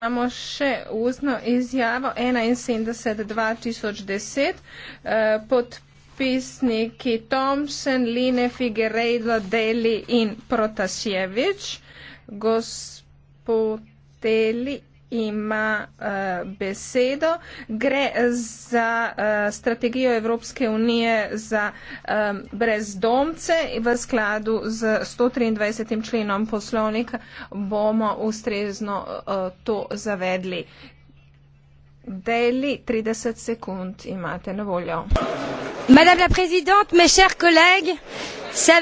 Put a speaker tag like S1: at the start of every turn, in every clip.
S1: Imamo še ustno izjavo 71-2010 eh, podpisniki Thompson, Line Figueiredo, Deli in Protasjevič. Gospodeli ima uh, besedo. Gre za uh, strategijo Evropske unije za um, brezdomce. V skladu z 123. členom poslovnika bomo ustrezno uh, to zavedli. Deli 30 sekund imate na voljo.
S2: Madame la présidente, mes chers collègues, se...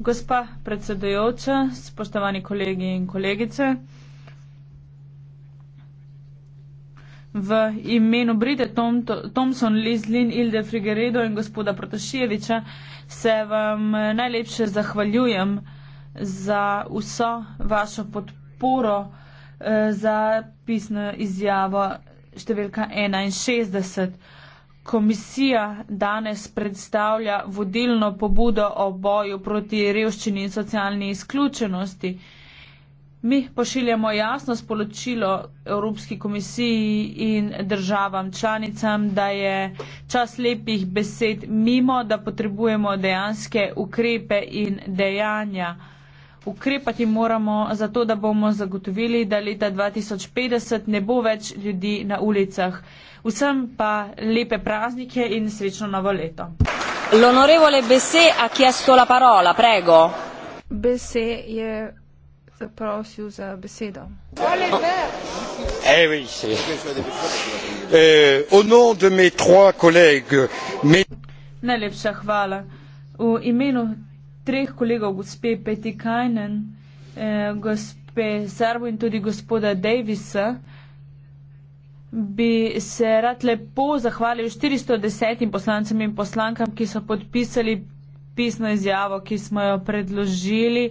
S2: Gospa predsedujoča, spoštovani kolegi in kolegice, v imenu Brite Tom, Thompson, Lizlin, Ilde Frigeredo in gospoda Protoševiča se vam eh, najlepše zahvaljujem za vso vašo podporo eh, za pisno izjavo številka 61. Komisija danes predstavlja vodilno pobudo o boju proti revščini in socialni izključenosti. Mi pošiljamo jasno sporočilo Evropski komisiji in državam članicam, da je čas lepih besed mimo, da potrebujemo dejanske ukrepe in dejanja. Ukrepati moramo zato, da bomo zagotovili, da leta 2050 ne bo več ljudi na ulicah. Vsem pa lepe praznike in srečno novo leto. L'onorevole Besse ha chiesto la parola, prego.
S1: Besse je zaprosil za besedo. Eh euh,
S2: Najlepša hvala. V imenu treh kolegov, gospe Peti Kajnen, eh, gospe Sarvo in tudi gospoda Davisa, bi se rad lepo zahvalil 410 poslancem in poslankam, ki so podpisali pisno izjavo, ki smo jo predložili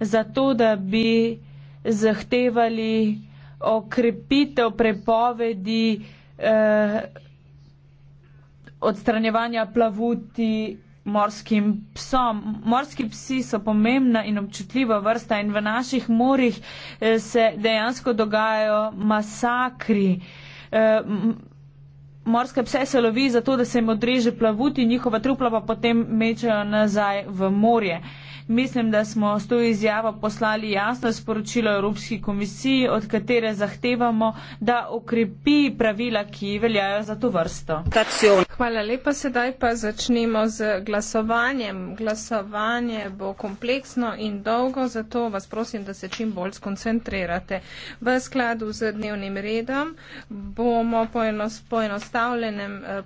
S2: zato, da bi zahtevali okrepitev prepovedi eh, odstranjevanja plavuti morskim psom. Morski psi so pomembna in občutljiva vrsta in v naših morjih eh, se dejansko dogajajo masakri. Eh, morske pse se lovi zato, da se jim odreže plavuti, njihova trupla pa potem mečajo nazaj v morje. Mislim, da smo s to izjavo poslali jasno sporočilo Evropski komisiji, od katere zahtevamo, da okrepi pravila, ki veljajo za to vrsto. Hvala lepa,
S1: sedaj pa začnemo z glasovanjem. Glasovanje bo kompleksno in dolgo, zato vas prosim, da se čim bolj skoncentrirate. V skladu z dnevnim redom bomo poenostavljeni predstavljenem poročilu eh,